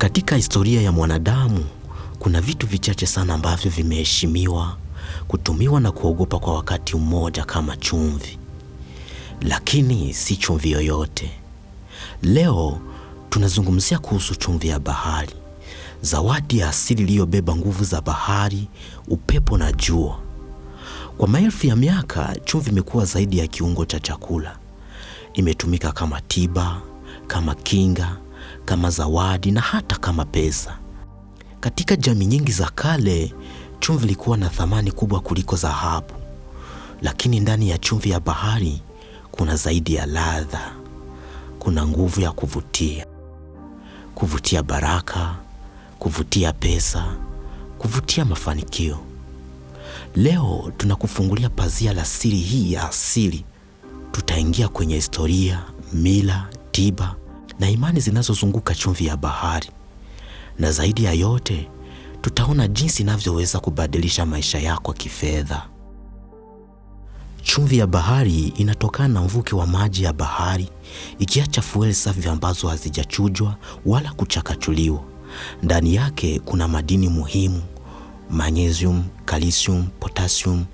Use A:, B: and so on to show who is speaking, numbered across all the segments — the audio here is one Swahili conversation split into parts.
A: Katika historia ya mwanadamu kuna vitu vichache sana ambavyo vimeheshimiwa, kutumiwa na kuogopa kwa wakati mmoja kama chumvi, lakini si chumvi yoyote. Leo tunazungumzia kuhusu chumvi ya bahari, zawadi ya asili iliyobeba nguvu za bahari, upepo na jua. Kwa maelfu ya miaka, chumvi imekuwa zaidi ya kiungo cha chakula. Imetumika kama tiba, kama kinga kama zawadi na hata kama pesa. Katika jamii nyingi za kale, chumvi ilikuwa na thamani kubwa kuliko dhahabu, lakini ndani ya chumvi ya bahari kuna zaidi ya ladha. Kuna nguvu ya kuvutia, kuvutia baraka, kuvutia pesa, kuvutia mafanikio. Leo tunakufungulia pazia la siri hii ya asili. Tutaingia kwenye historia, mila, tiba na imani zinazozunguka chumvi ya bahari, na zaidi ya yote tutaona jinsi inavyoweza kubadilisha maisha yako kifedha. Chumvi ya bahari inatokana na mvuke wa maji ya bahari, ikiacha fueli safi ambazo hazijachujwa wala kuchakachuliwa. Ndani yake kuna madini muhimu magnesium, calcium, potassium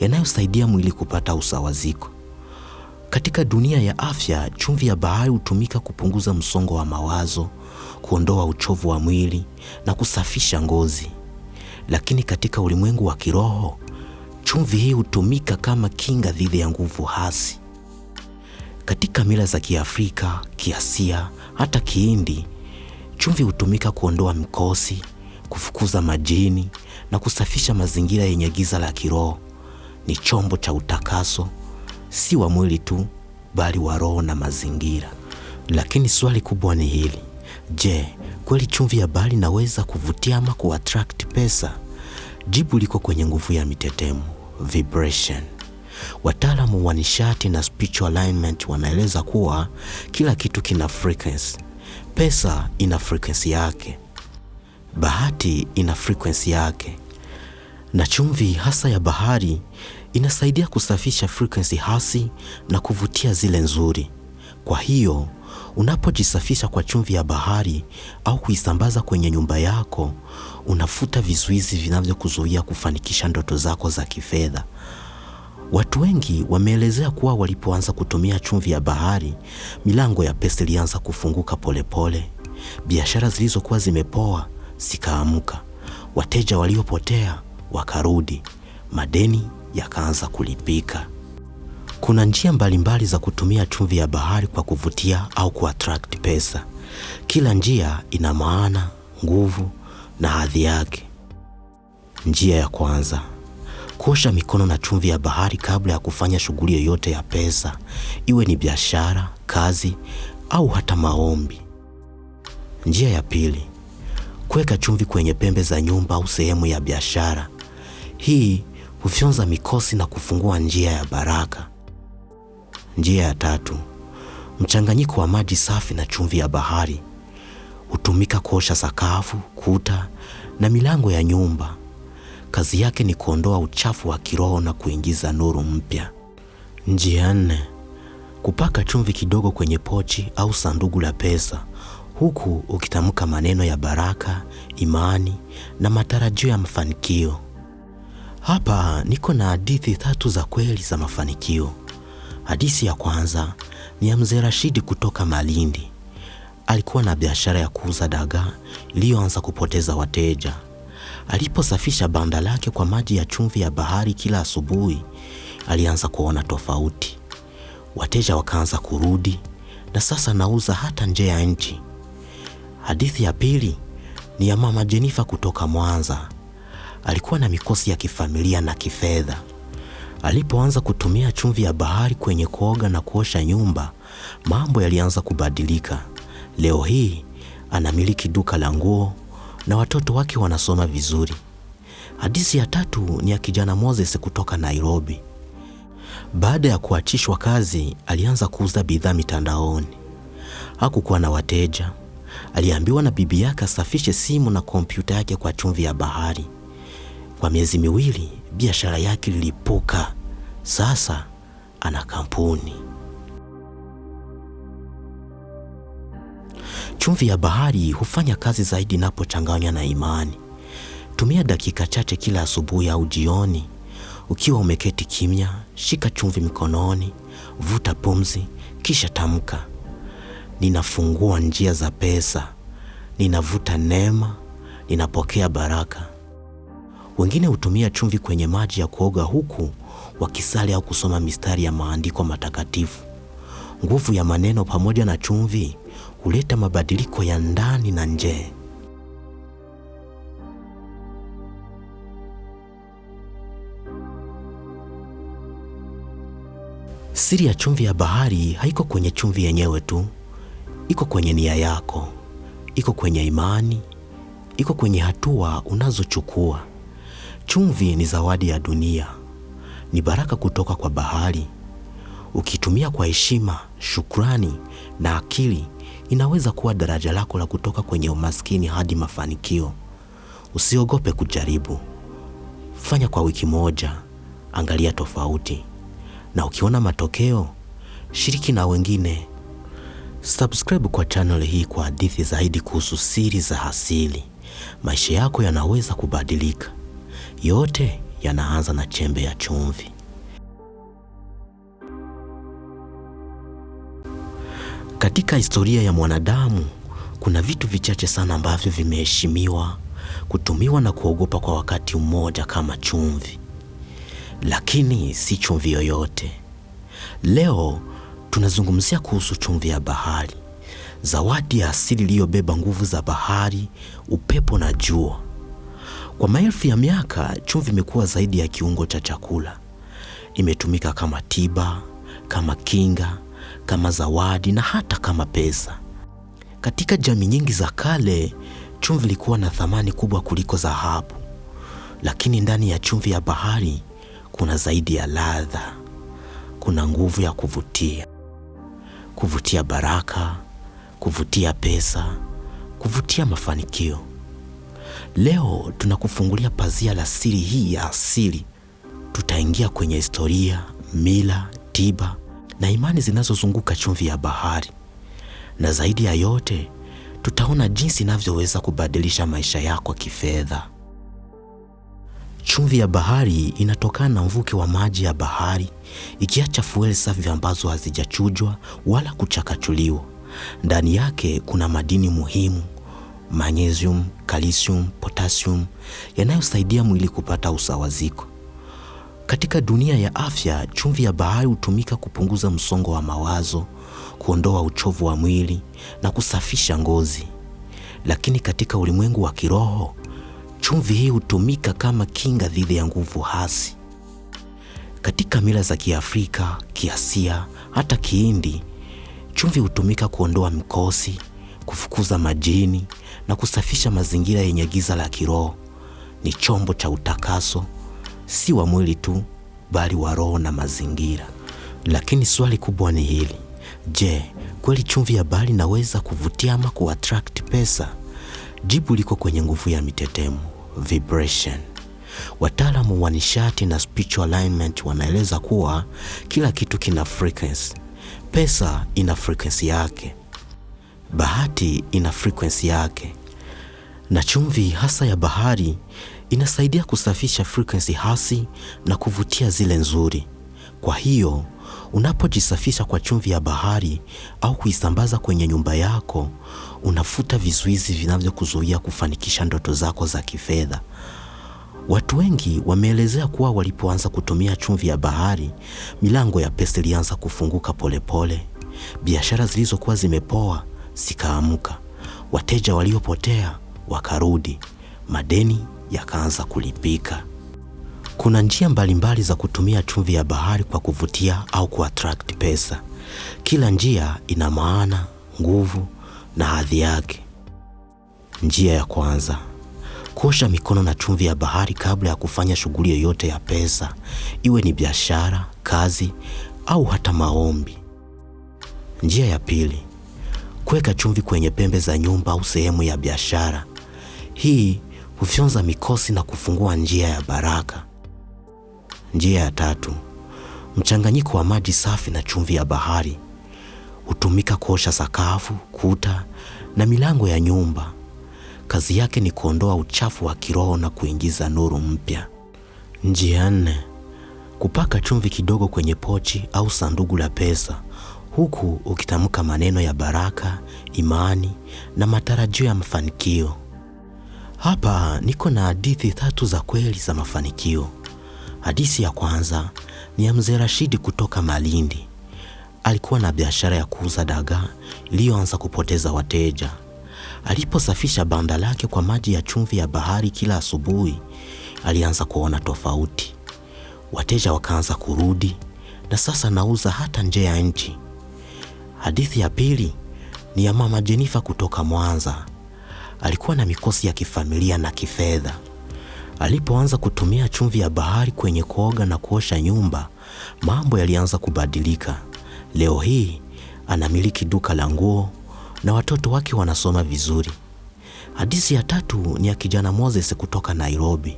A: yanayosaidia mwili kupata usawaziko. Katika dunia ya afya, chumvi ya bahari hutumika kupunguza msongo wa mawazo, kuondoa uchovu wa mwili na kusafisha ngozi. Lakini katika ulimwengu wa kiroho, chumvi hii hutumika kama kinga dhidi ya nguvu hasi. Katika mila za Kiafrika, Kiasia, hata Kihindi, chumvi hutumika kuondoa mkosi, kufukuza majini na kusafisha mazingira yenye giza la kiroho. Ni chombo cha utakaso si wa mwili tu, bali wa roho na mazingira. Lakini swali kubwa ni hili: je, kweli chumvi ya bahari inaweza kuvutia ama kuattract pesa? Jibu liko kwenye nguvu ya mitetemo, vibration. Wataalamu wa nishati na spiritual alignment wanaeleza kuwa kila kitu kina frequency. Pesa ina frequency yake, bahati ina frequency yake, na chumvi hasa ya bahari inasaidia kusafisha frequency hasi na kuvutia zile nzuri. Kwa hiyo unapojisafisha kwa chumvi ya bahari au kuisambaza kwenye nyumba yako, unafuta vizuizi vinavyokuzuia kufanikisha ndoto zako za kifedha. Watu wengi wameelezea kuwa walipoanza kutumia chumvi ya bahari, milango ya pesa ilianza kufunguka polepole, biashara zilizokuwa zimepoa zikaamka, wateja waliopotea wakarudi, madeni yakaanza kulipika. Kuna njia mbalimbali mbali za kutumia chumvi ya bahari kwa kuvutia au kuattract pesa. Kila njia ina maana, nguvu na hadhi yake. Njia ya kwanza: kuosha mikono na chumvi ya bahari kabla ya kufanya shughuli yoyote ya pesa, iwe ni biashara, kazi au hata maombi. Njia ya pili: kuweka chumvi kwenye pembe za nyumba au sehemu ya biashara. Hii hufyonza mikosi na kufungua njia ya baraka. Njia ya tatu, mchanganyiko wa maji safi na chumvi ya bahari hutumika kuosha sakafu, kuta na milango ya nyumba. Kazi yake ni kuondoa uchafu wa kiroho na kuingiza nuru mpya. Njia nne, kupaka chumvi kidogo kwenye pochi au sanduku la pesa, huku ukitamka maneno ya baraka, imani na matarajio ya mafanikio. Hapa niko na hadithi tatu za kweli za mafanikio. Hadithi ya kwanza ni ya mzee Rashidi kutoka Malindi. Alikuwa na biashara ya kuuza dagaa iliyoanza kupoteza wateja. Aliposafisha banda lake kwa maji ya chumvi ya bahari kila asubuhi, alianza kuona tofauti. Wateja wakaanza kurudi na sasa nauza hata nje ya nchi. Hadithi ya pili ni ya mama Jenifa kutoka Mwanza alikuwa na mikosi ya kifamilia na kifedha. Alipoanza kutumia chumvi ya bahari kwenye kuoga na kuosha nyumba, mambo yalianza kubadilika. Leo hii anamiliki duka la nguo na watoto wake wanasoma vizuri. Hadithi ya tatu ni ya kijana Moses kutoka Nairobi. Baada ya kuachishwa kazi, alianza kuuza bidhaa mitandaoni. Hakukuwa na wateja. Aliambiwa na bibi yake asafishe simu na kompyuta yake kwa chumvi ya bahari. Kwa miezi miwili biashara yake lilipuka. Sasa ana kampuni. Chumvi ya bahari hufanya kazi zaidi inapochanganywa na imani. Tumia dakika chache kila asubuhi au jioni ukiwa umeketi kimya. Shika chumvi mikononi, vuta pumzi, kisha tamka: ninafungua njia za pesa, ninavuta neema, ninapokea baraka. Wengine hutumia chumvi kwenye maji ya kuoga huku wakisali au kusoma mistari ya maandiko matakatifu. Nguvu ya maneno pamoja na chumvi huleta mabadiliko ya ndani na nje. Siri ya chumvi ya bahari haiko kwenye chumvi yenyewe tu, iko kwenye nia yako, iko kwenye imani, iko kwenye hatua unazochukua. Chumvi ni zawadi ya dunia, ni baraka kutoka kwa bahari. Ukitumia kwa heshima, shukrani na akili, inaweza kuwa daraja lako la kutoka kwenye umaskini hadi mafanikio. Usiogope kujaribu, fanya kwa wiki moja, angalia tofauti, na ukiona matokeo, shiriki na wengine. Subscribe kwa channel hii kwa hadithi zaidi kuhusu siri za asili. Maisha yako yanaweza kubadilika. Yote yanaanza na chembe ya chumvi. Katika historia ya mwanadamu kuna vitu vichache sana ambavyo vimeheshimiwa, kutumiwa na kuogopa kwa wakati mmoja kama chumvi, lakini si chumvi yoyote. Leo tunazungumzia kuhusu chumvi ya bahari, zawadi ya asili iliyobeba nguvu za bahari, upepo na jua. Kwa maelfu ya miaka, chumvi imekuwa zaidi ya kiungo cha chakula. Imetumika kama tiba, kama kinga, kama zawadi na hata kama pesa. Katika jamii nyingi za kale, chumvi ilikuwa na thamani kubwa kuliko dhahabu. Lakini ndani ya chumvi ya bahari kuna zaidi ya ladha. Kuna nguvu ya kuvutia, kuvutia baraka, kuvutia pesa, kuvutia mafanikio. Leo tunakufungulia pazia la siri hii ya asili. Tutaingia kwenye historia, mila, tiba na imani zinazozunguka chumvi ya bahari, na zaidi ya yote tutaona jinsi inavyoweza kubadilisha maisha yako kifedha. Chumvi ya bahari inatokana na mvuke wa maji ya bahari, ikiacha fueli safi ambazo hazijachujwa wala kuchakachuliwa. Ndani yake kuna madini muhimu magnesium, calcium, potassium yanayosaidia mwili kupata usawaziko. Katika dunia ya afya, chumvi ya bahari hutumika kupunguza msongo wa mawazo, kuondoa uchovu wa mwili na kusafisha ngozi. Lakini katika ulimwengu wa kiroho, chumvi hii hutumika kama kinga dhidi ya nguvu hasi. Katika mila za Kiafrika, Kiasia, hata Kihindi, chumvi hutumika kuondoa mikosi, kufukuza majini na kusafisha mazingira yenye giza la kiroho. Ni chombo cha utakaso, si wa mwili tu, bali wa roho na mazingira. Lakini swali kubwa ni hili: je, kweli chumvi ya bahari inaweza kuvutia ama kuattract pesa? Jibu liko kwenye nguvu ya mitetemo, vibration. Wataalamu wa nishati na spiritual alignment wanaeleza kuwa kila kitu kina frequency. Pesa ina frequency yake. Bahati ina frequency yake, na chumvi hasa ya bahari inasaidia kusafisha frequency hasi na kuvutia zile nzuri. Kwa hiyo unapojisafisha kwa chumvi ya bahari au kuisambaza kwenye nyumba yako, unafuta vizuizi vinavyokuzuia kufanikisha ndoto zako za kifedha. Watu wengi wameelezea kuwa walipoanza kutumia chumvi ya bahari, milango ya pesa ilianza kufunguka polepole. Biashara zilizokuwa zimepoa zikaamka wateja waliopotea wakarudi, madeni yakaanza kulipika. Kuna njia mbalimbali mbali za kutumia chumvi ya bahari kwa kuvutia au kuattract pesa. Kila njia ina maana, nguvu na hadhi yake. Njia ya kwanza, kuosha mikono na chumvi ya bahari kabla ya kufanya shughuli yoyote ya pesa, iwe ni biashara, kazi au hata maombi. Njia ya pili, Kuweka chumvi kwenye pembe za nyumba au sehemu ya biashara. Hii hufyonza mikosi na kufungua njia ya baraka. Njia ya tatu, mchanganyiko wa maji safi na chumvi ya bahari hutumika kuosha sakafu, kuta na milango ya nyumba. Kazi yake ni kuondoa uchafu wa kiroho na kuingiza nuru mpya. Njia nne, kupaka chumvi kidogo kwenye pochi au sanduku la pesa huku ukitamka maneno ya baraka, imani na matarajio ya mafanikio. Hapa niko na hadithi tatu za kweli za mafanikio. Hadithi ya kwanza ni ya mzee Rashidi kutoka Malindi. Alikuwa na biashara ya kuuza dagaa iliyoanza kupoteza wateja. Aliposafisha banda lake kwa maji ya chumvi ya bahari kila asubuhi, alianza kuona tofauti. Wateja wakaanza kurudi, na sasa nauza hata nje ya nchi. Hadithi ya pili ni ya mama Jenifa kutoka Mwanza. Alikuwa na mikosi ya kifamilia na kifedha. Alipoanza kutumia chumvi ya bahari kwenye kuoga na kuosha nyumba, mambo yalianza kubadilika. Leo hii anamiliki duka la nguo na watoto wake wanasoma vizuri. Hadithi ya tatu ni ya kijana Moses kutoka Nairobi.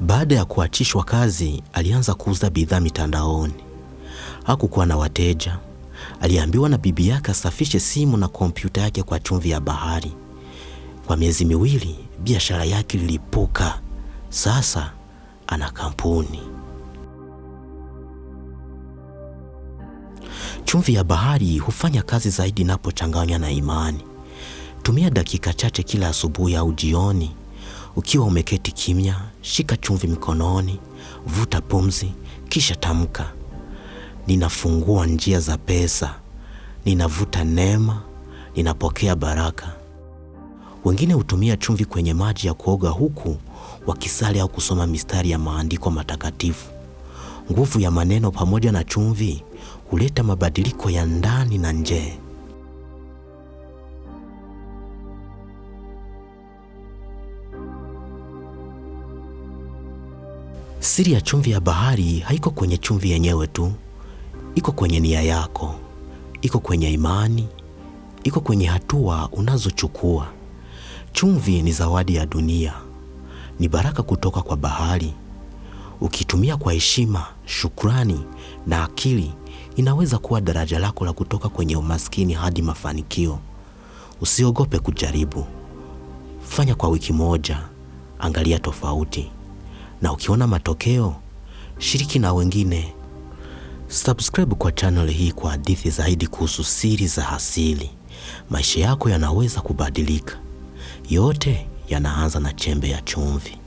A: Baada ya kuachishwa kazi, alianza kuuza bidhaa mitandaoni. Hakukuwa na wateja aliambiwa na bibi yake asafishe simu na kompyuta yake kwa chumvi ya bahari. Kwa miezi miwili biashara yake lilipuka. Sasa ana kampuni. Chumvi ya bahari hufanya kazi zaidi inapochanganywa na imani. Tumia dakika chache kila asubuhi au jioni ukiwa umeketi kimya. Shika chumvi mikononi vuta pumzi, kisha tamka: ninafungua njia za pesa, ninavuta neema, ninapokea baraka. Wengine hutumia chumvi kwenye maji ya kuoga huku wakisali au kusoma mistari ya maandiko matakatifu. Nguvu ya maneno pamoja na chumvi huleta mabadiliko ya ndani na nje. Siri ya chumvi ya bahari haiko kwenye chumvi yenyewe tu, iko kwenye nia yako, iko kwenye imani, iko kwenye hatua unazochukua. Chumvi ni zawadi ya dunia, ni baraka kutoka kwa bahari. Ukitumia kwa heshima, shukrani na akili, inaweza kuwa daraja lako la kutoka kwenye umaskini hadi mafanikio. Usiogope kujaribu. Fanya kwa wiki moja, angalia tofauti, na ukiona matokeo, shiriki na wengine Subscribe kwa channel hii kwa hadithi zaidi kuhusu siri za asili. Maisha yako yanaweza kubadilika. Yote yanaanza na chembe ya chumvi.